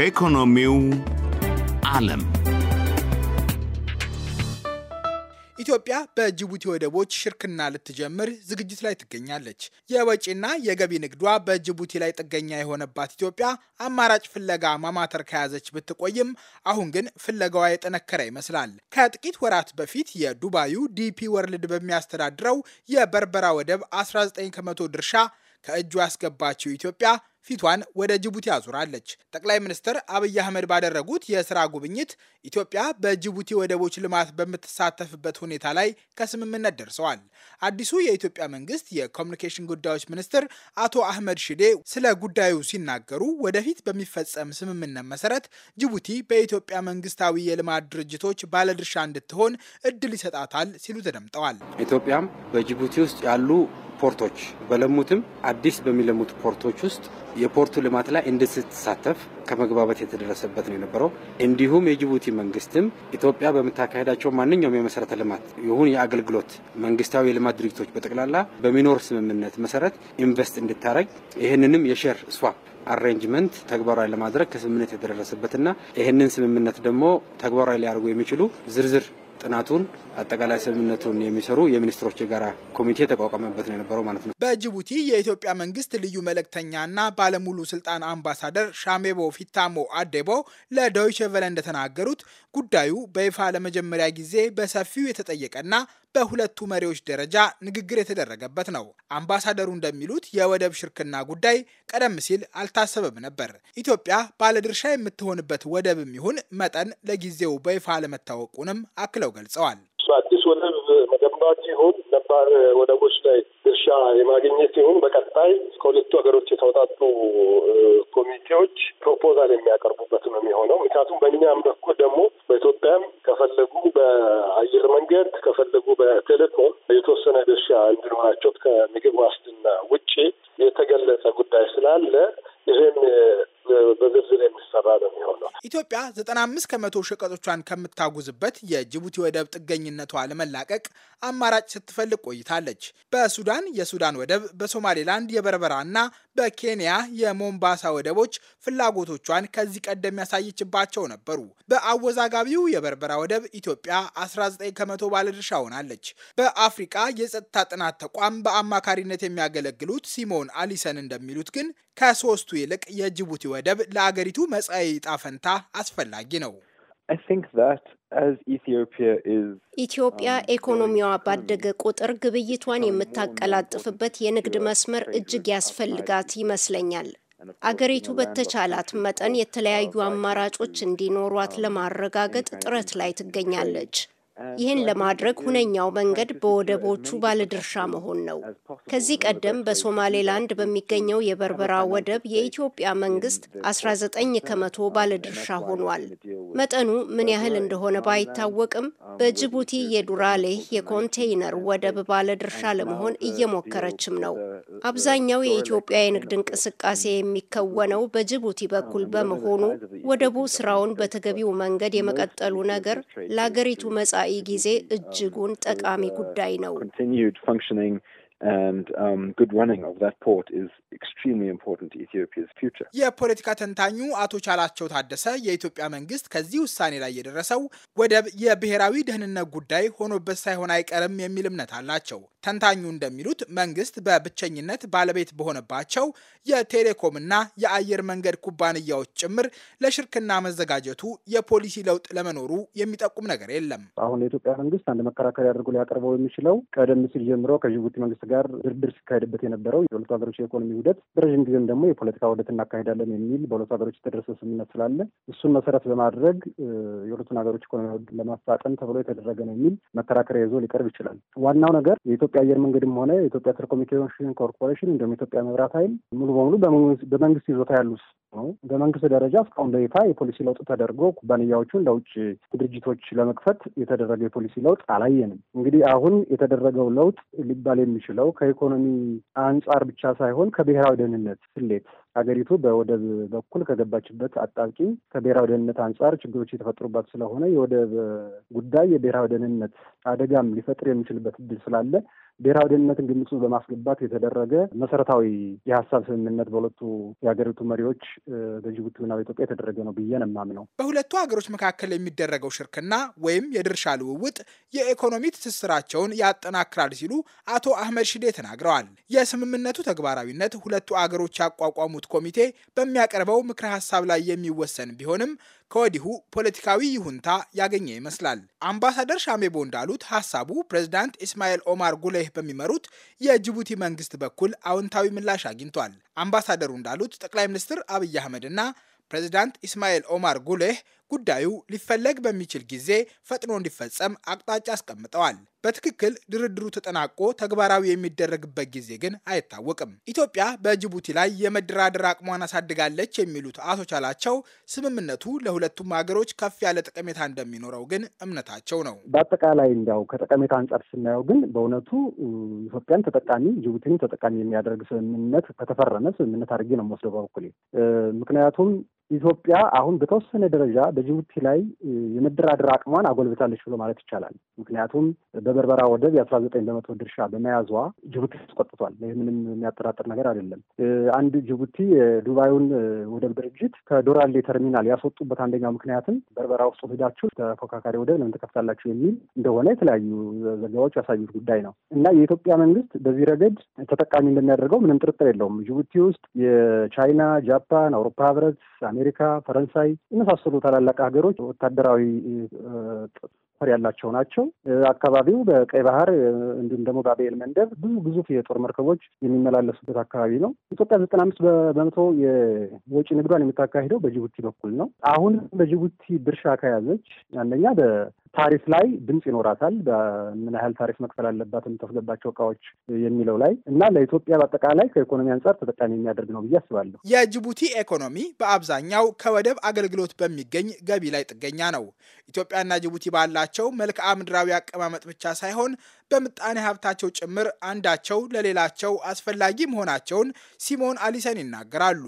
ከኢኮኖሚው ዓለም ኢትዮጵያ በጅቡቲ ወደቦች ሽርክና ልትጀምር ዝግጅት ላይ ትገኛለች። የወጪና የገቢ ንግዷ በጅቡቲ ላይ ጥገኛ የሆነባት ኢትዮጵያ አማራጭ ፍለጋ ማማተር ከያዘች ብትቆይም አሁን ግን ፍለጋዋ የጠነከረ ይመስላል። ከጥቂት ወራት በፊት የዱባዩ ዲፒ ወርልድ በሚያስተዳድረው የበርበራ ወደብ 19 ከመቶ ድርሻ ከእጁ ያስገባችው ኢትዮጵያ ፊቷን ወደ ጅቡቲ አዙራለች። ጠቅላይ ሚኒስትር አብይ አህመድ ባደረጉት የስራ ጉብኝት ኢትዮጵያ በጅቡቲ ወደቦች ልማት በምትሳተፍበት ሁኔታ ላይ ከስምምነት ደርሰዋል። አዲሱ የኢትዮጵያ መንግስት የኮሚኒኬሽን ጉዳዮች ሚኒስትር አቶ አህመድ ሽዴ ስለ ጉዳዩ ሲናገሩ ወደፊት በሚፈጸም ስምምነት መሰረት ጅቡቲ በኢትዮጵያ መንግስታዊ የልማት ድርጅቶች ባለድርሻ እንድትሆን እድል ይሰጣታል ሲሉ ተደምጠዋል። ኢትዮጵያም በጅቡቲ ውስጥ ያሉ ፖርቶች በለሙትም አዲስ በሚለሙት ፖርቶች ውስጥ የፖርቱ ልማት ላይ እንድትሳተፍ ከመግባባት የተደረሰበት ነው የነበረው። እንዲሁም የጅቡቲ መንግስትም ኢትዮጵያ በምታካሄዳቸው ማንኛውም የመሰረተ ልማት ይሁን የአገልግሎት መንግስታዊ የልማት ድርጅቶች በጠቅላላ በሚኖር ስምምነት መሰረት ኢንቨስት እንድታረግ ይህንንም የሼር ስዋፕ አሬንጅመንት ተግባራዊ ለማድረግ ከስምምነት የተደረሰበትና ይህንን ስምምነት ደግሞ ተግባራዊ ሊያደርጉ የሚችሉ ዝርዝር ጥናቱን አጠቃላይ ስምምነቱን የሚሰሩ የሚኒስትሮች የጋራ ኮሚቴ ተቋቋመበት ነው የነበረው ማለት ነው። በጅቡቲ የኢትዮጵያ መንግስት ልዩ መልእክተኛና ባለሙሉ ስልጣን አምባሳደር ሻሜቦ ፊታሞ አዴቦ ለዶይቸ ቨለ እንደተናገሩት ጉዳዩ በይፋ ለመጀመሪያ ጊዜ በሰፊው የተጠየቀና በሁለቱ መሪዎች ደረጃ ንግግር የተደረገበት ነው። አምባሳደሩ እንደሚሉት የወደብ ሽርክና ጉዳይ ቀደም ሲል አልታሰበም ነበር። ኢትዮጵያ ባለድርሻ የምትሆንበት ወደብም ይሁን መጠን ለጊዜው በይፋ አለመታወቁንም አክለው ገልጸዋል። አዲስ ወደብ መገንባት ይሁን ነባር ወደቦች ላይ ድርሻ የማግኘት ይሁን በቀጣይ ከሁለቱ ሀገሮች የተውጣጡ ኮሚቴዎች ፕሮፖዛል የሚያቀርቡበት ነው የሚሆነው። ምክንያቱም በእኛም በኩል ደግሞ በኢትዮጵያም ከፈለ በአየር መንገድ ከፈለጉ በቴሌፎን የተወሰነ ድርሻ እንዲኖራቸው ከምግብ ዋስትና ውጭ የተገለጸ ጉዳይ ስላለ ይህን በዝርዝር እየሰራ ነው የሚሆነው። ኢትዮጵያ ዘጠና አምስት ከመቶ ሸቀጦቿን ከምታጉዝበት የጅቡቲ ወደብ ጥገኝነቷ ለመላቀቅ አማራጭ ስትፈልግ ቆይታለች። በሱዳን የሱዳን ወደብ፣ በሶማሌላንድ የበርበራ እና በኬንያ የሞምባሳ ወደቦች ፍላጎቶቿን ከዚህ ቀደም ያሳየችባቸው ነበሩ። በአወዛጋቢው የበርበራ ወደብ ኢትዮጵያ 19 ከመቶ ባለድርሻ ሆናለች። በአፍሪቃ የጸጥታ ጥናት ተቋም በአማካሪነት የሚያገለግሉት ሲሞን አሊሰን እንደሚሉት ግን ከሶስቱ ይልቅ የጅቡቲ ወደብ ለአገሪቱ መጻ ቀጣይ ጣፈንታ አስፈላጊ ነው። ኢትዮጵያ um, ኢኮኖሚዋ ባደገ ቁጥር ግብይቷን um, የምታቀላጥፍበት የንግድ um, መስመር እጅግ ያስፈልጋት ይመስለኛል። አገሪቱ በተቻላት መጠን የተለያዩ አማራጮች እንዲኖሯት ለማረጋገጥ ጥረት ላይ ትገኛለች። ይህን ለማድረግ ሁነኛው መንገድ በወደቦቹ ባለድርሻ መሆን ነው። ከዚህ ቀደም በሶማሌላንድ በሚገኘው የበርበራ ወደብ የኢትዮጵያ መንግስት 19 ከመቶ ባለድርሻ ሆኗል። መጠኑ ምን ያህል እንደሆነ ባይታወቅም በጅቡቲ የዱራሌህ የኮንቴይነር ወደብ ባለድርሻ ለመሆን እየሞከረችም ነው። አብዛኛው የኢትዮጵያ የንግድ እንቅስቃሴ የሚከወነው በጅቡቲ በኩል በመሆኑ ወደቡ ስራውን በተገቢው መንገድ የመቀጠሉ ነገር ለአገሪቱ መጻ.? ጊዜ እጅጉን ጠቃሚ ጉዳይ ነው። የፖለቲካ ተንታኙ አቶ ቻላቸው ታደሰ የኢትዮጵያ መንግስት ከዚህ ውሳኔ ላይ የደረሰው ወደብ የብሔራዊ ደህንነት ጉዳይ ሆኖበት ሳይሆን አይቀርም የሚል እምነት አላቸው። ተንታኙ እንደሚሉት መንግስት በብቸኝነት ባለቤት በሆነባቸው የቴሌኮም እና የአየር መንገድ ኩባንያዎች ጭምር ለሽርክና መዘጋጀቱ የፖሊሲ ለውጥ ለመኖሩ የሚጠቁም ነገር የለም። አሁን የኢትዮጵያ መንግስት አንድ መከራከሪያ አድርጎ ሊያቀርበው የሚችለው ቀደም ሲል ጀምሮ ከጅቡቲ መንግስት ጋር ድርድር ሲካሄድበት የነበረው የሁለቱ ሀገሮች የኢኮኖሚ ውህደት በረዥም ጊዜም ደግሞ የፖለቲካ ውህደት እናካሄዳለን የሚል በሁለቱ ሀገሮች የተደረሰ ስምምነት ስላለ እሱን መሰረት በማድረግ የሁለቱን ሀገሮች ኢኮኖሚ ውህደት ለማፋጠን ተብሎ የተደረገ ነው የሚል መከራከሪያ ይዞ ሊቀርብ ይችላል። ዋናው ነገር የኢትዮጵያ አየር መንገድም ሆነ የኢትዮጵያ ቴሌኮሙኒኬሽን ኮርፖሬሽን እንዲሁም የኢትዮጵያ መብራት ኃይል ሙሉ በሙሉ በመንግስት ይዞታ ያሉት ነው። በመንግስት ደረጃ እስካሁን በይፋ የፖሊሲ ለውጥ ተደርጎ ኩባንያዎቹን ለውጭ ድርጅቶች ለመክፈት የተደረገ የፖሊሲ ለውጥ አላየንም። እንግዲህ አሁን የተደረገው ለውጥ ሊባል የሚችል ያለው ከኢኮኖሚ አንጻር ብቻ ሳይሆን ከብሔራዊ ደህንነት ስሌት ሀገሪቱ በወደብ በኩል ከገባችበት አጣቂ ከብሔራዊ ደህንነት አንጻር ችግሮች የተፈጥሩባት ስለሆነ የወደብ ጉዳይ የብሔራዊ ደህንነት አደጋም ሊፈጥር የሚችልበት እድል ስላለ ብሔራዊ ደህንነትን ግምት ውስጥ በማስገባት የተደረገ መሰረታዊ የሀሳብ ስምምነት በሁለቱ የሀገሪቱ መሪዎች በጅቡቲና በኢትዮጵያ የተደረገ ነው ብዬ ነው የማምነው። በሁለቱ ሀገሮች መካከል የሚደረገው ሽርክና ወይም የድርሻ ልውውጥ የኢኮኖሚ ትስስራቸውን ያጠናክራል ሲሉ አቶ አህመድ ሽዴ ተናግረዋል። የስምምነቱ ተግባራዊነት ሁለቱ አገሮች ያቋቋሙት ኮሚቴ በሚያቀርበው ምክረ ሀሳብ ላይ የሚወሰን ቢሆንም ከወዲሁ ፖለቲካዊ ይሁንታ ያገኘ ይመስላል። አምባሳደር ሻሜቦ እንዳሉት ሀሳቡ ፕሬዝዳንት ኢስማኤል ኦማር ጉሌህ በሚመሩት የጅቡቲ መንግስት በኩል አዎንታዊ ምላሽ አግኝቷል። አምባሳደሩ እንዳሉት ጠቅላይ ሚኒስትር አብይ አህመድ እና ፕሬዝዳንት ኢስማኤል ኦማር ጉሌህ ጉዳዩ ሊፈለግ በሚችል ጊዜ ፈጥኖ እንዲፈጸም አቅጣጫ አስቀምጠዋል። በትክክል ድርድሩ ተጠናቆ ተግባራዊ የሚደረግበት ጊዜ ግን አይታወቅም። ኢትዮጵያ በጅቡቲ ላይ የመደራደር አቅሟን አሳድጋለች የሚሉት አቶ ቻላቸው ስምምነቱ ለሁለቱም ሀገሮች ከፍ ያለ ጠቀሜታ እንደሚኖረው ግን እምነታቸው ነው። በአጠቃላይ እንዲያው ከጠቀሜታ አንጻር ስናየው ግን በእውነቱ ኢትዮጵያን ተጠቃሚ ጅቡቲን ተጠቃሚ የሚያደርግ ስምምነት ከተፈረመ ስምምነት አድርጌ ነው የምወስደው በበኩሌ ምክንያቱም ኢትዮጵያ አሁን በተወሰነ ደረጃ በጅቡቲ ላይ የመደራደር አቅሟን አጎልብታለች ብሎ ማለት ይቻላል። ምክንያቱም በበርበራ ወደብ የአስራ ዘጠኝ በመቶ ድርሻ በመያዟ ጅቡቲ ተስቆጥቷል። ይህ ምንም የሚያጠራጥር ነገር አይደለም። አንድ ጅቡቲ የዱባዩን ወደብ ድርጅት ከዶራሌ ተርሚናል ያስወጡበት አንደኛው ምክንያትም በርበራ ውስጥ ሄዳችሁ ተፎካካሪ ወደብ ለምን ተከፍታላችሁ የሚል እንደሆነ የተለያዩ ዘገባዎች ያሳዩት ጉዳይ ነው እና የኢትዮጵያ መንግስት በዚህ ረገድ ተጠቃሚ እንደሚያደርገው ምንም ጥርጥር የለውም። ጅቡቲ ውስጥ የቻይና፣ ጃፓን፣ አውሮፓ ህብረት አሜሪካ፣ ፈረንሳይ የመሳሰሉ ታላላቅ ሀገሮች ወታደራዊ ር ያላቸው ናቸው። አካባቢው በቀይ ባህር እንዲሁም ደግሞ በአብኤል መንደብ ብዙ ግዙፍ የጦር መርከቦች የሚመላለሱበት አካባቢ ነው። ኢትዮጵያ ዘጠና አምስት በመቶ የወጪ ንግዷን የምታካሂደው በጅቡቲ በኩል ነው። አሁን በጅቡቲ ድርሻ ከያዘች አንደኛ ታሪፍ ላይ ድምፅ ይኖራታል። በምን ያህል ታሪፍ መክፈል አለባት የምታስገባቸው እቃዎች የሚለው ላይ እና ለኢትዮጵያ በአጠቃላይ ከኢኮኖሚ አንጻር ተጠቃሚ የሚያደርግ ነው ብዬ አስባለሁ። የጅቡቲ ኢኮኖሚ በአብዛኛው ከወደብ አገልግሎት በሚገኝ ገቢ ላይ ጥገኛ ነው። ኢትዮጵያና ጅቡቲ ባላቸው መልክዓ ምድራዊ አቀማመጥ ብቻ ሳይሆን በምጣኔ ሀብታቸው ጭምር አንዳቸው ለሌላቸው አስፈላጊ መሆናቸውን ሲሞን አሊሰን ይናገራሉ።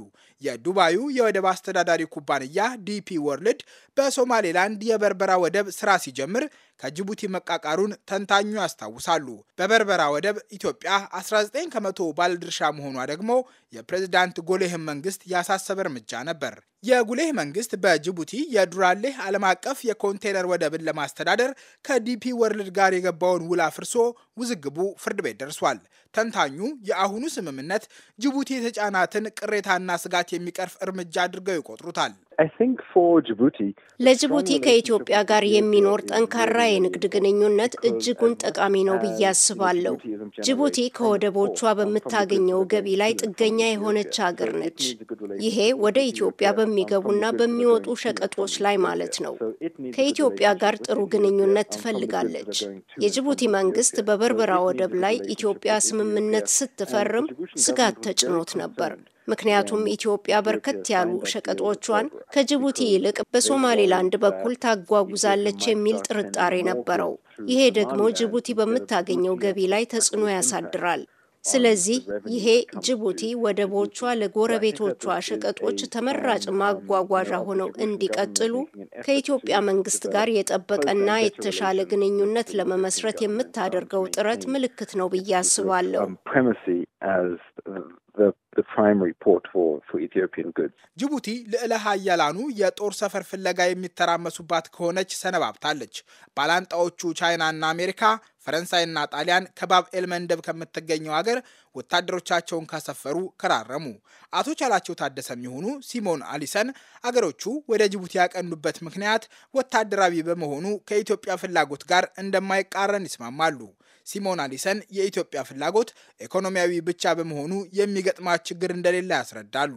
የዱባዩ የወደብ አስተዳዳሪ ኩባንያ ዲፒ ወርልድ በሶማሌላንድ የበርበራ ወደብ ስራ ሲጀምር ከጅቡቲ መቃቃሩን ተንታኙ ያስታውሳሉ። በበርበራ ወደብ ኢትዮጵያ 19 ከመቶ ባለድርሻ መሆኗ ደግሞ የፕሬዝዳንት ጎሌህን መንግስት ያሳሰበ እርምጃ ነበር። የጉሌህ መንግስት በጅቡቲ የዱራሌህ ዓለም አቀፍ የኮንቴነር ወደብን ለማስተዳደር ከዲፒ ወርልድ ጋር የገባውን ውል አፍርሶ ውዝግቡ ፍርድ ቤት ደርሷል። ተንታኙ የአሁኑ ስምምነት ጅቡቲ የተጫናትን ቅሬታና ስጋት የሚቀርፍ እርምጃ አድርገው ይቆጥሩታል። ለጅቡቲ ከኢትዮጵያ ጋር የሚኖር ጠንካራ የንግድ ግንኙነት እጅጉን ጠቃሚ ነው ብዬ አስባለሁ። ጅቡቲ ከወደቦቿ በምታገኘው ገቢ ላይ ጥገኛ የሆነች ሀገር ነች። ይሄ ወደ ኢትዮጵያ በሚገቡና በሚወጡ ሸቀጦች ላይ ማለት ነው። ከኢትዮጵያ ጋር ጥሩ ግንኙነት ትፈልጋለች። የጅቡቲ መንግስት በበርበራ ወደብ ላይ ኢትዮጵያ ስምምነት ስትፈርም ስጋት ተጭኖት ነበር። ምክንያቱም um, ኢትዮጵያ በርከት ያሉ ሸቀጦቿን ከጅቡቲ ይልቅ በሶማሌላንድ uh, በኩል ታጓጉዛለች የሚል ጥርጣሬ ነበረው። ይሄ ደግሞ ጅቡቲ በምታገኘው ገቢ ላይ ተጽዕኖ ያሳድራል። ስለዚህ ይሄ ጅቡቲ ወደቦቿ ለጎረቤቶቿ ሸቀጦች um, ተመራጭ um, ማጓጓዣ ሆነው እንዲቀጥሉ ከኢትዮጵያ መንግስት ጋር የጠበቀና የተሻለ ግንኙነት ለመመስረት የምታደርገው ጥረት ምልክት ነው ብዬ አስባለሁ። ጅቡቲ ልዕለ ሀያላኑ የጦር ሰፈር ፍለጋ የሚተራመሱባት ከሆነች ሰነባብታለች። ባላንጣዎቹ ቻይናና አሜሪካ፣ ፈረንሳይና ጣሊያን ከባብኤል መንደብ ከምትገኘው ሀገር ወታደሮቻቸውን ካሰፈሩ ከራረሙ። አቶ ቻላቸው ታደሰ የሚሆኑ ሲሞን አሊሰን አገሮቹ ወደ ጅቡቲ ያቀኑበት ምክንያት ወታደራዊ በመሆኑ ከኢትዮጵያ ፍላጎት ጋር እንደማይቃረን ይስማማሉ። ሲሞን አሊሰን የኢትዮጵያ ፍላጎት ኢኮኖሚያዊ ብቻ በመሆኑ የሚገጥማት ችግር እንደሌለ ያስረዳሉ።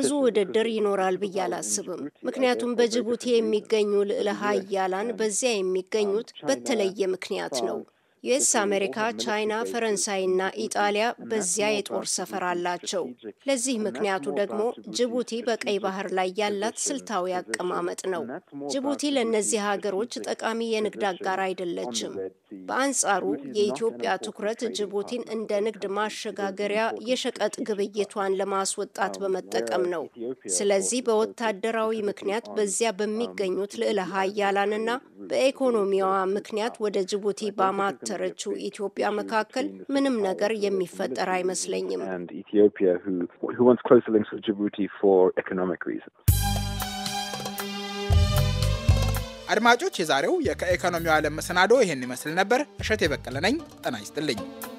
ብዙ ውድድር ይኖራል ብዬ አላስብም። ምክንያቱም በጅቡቲ የሚገኙ ልዕለ ሀያላን በዚያ የሚገኙት um, በተለየ ምክንያት ነው። ዩኤስ አሜሪካ፣ ቻይና፣ ፈረንሳይና ኢጣሊያ በዚያ የጦር ሰፈር አላቸው። ለዚህ ምክንያቱ ደግሞ ጅቡቲ በቀይ ባህር ላይ ያላት ስልታዊ አቀማመጥ ነው። ጅቡቲ ለእነዚህ ሀገሮች ጠቃሚ የንግድ አጋር አይደለችም። በአንጻሩ የኢትዮጵያ ትኩረት ጅቡቲን እንደ ንግድ ማሸጋገሪያ የሸቀጥ ግብይቷን ለማስወጣት um, በመጠቀም uh, ነው። ስለዚህ በወታደራዊ ምክንያት በዚያ um, በሚገኙት ልዕለ ሀያላንና በኢኮኖሚዋ ምክንያት ወደ ጅቡቲ ባማተ በታሰረችው ኢትዮጵያ መካከል ምንም ነገር የሚፈጠር አይመስለኝም። አድማጮች፣ የዛሬው የከኢኮኖሚው ዓለም መሰናዶ ይህን ይመስል ነበር። እሸት የበቀለ ነኝ። ጤና ይስጥልኝ።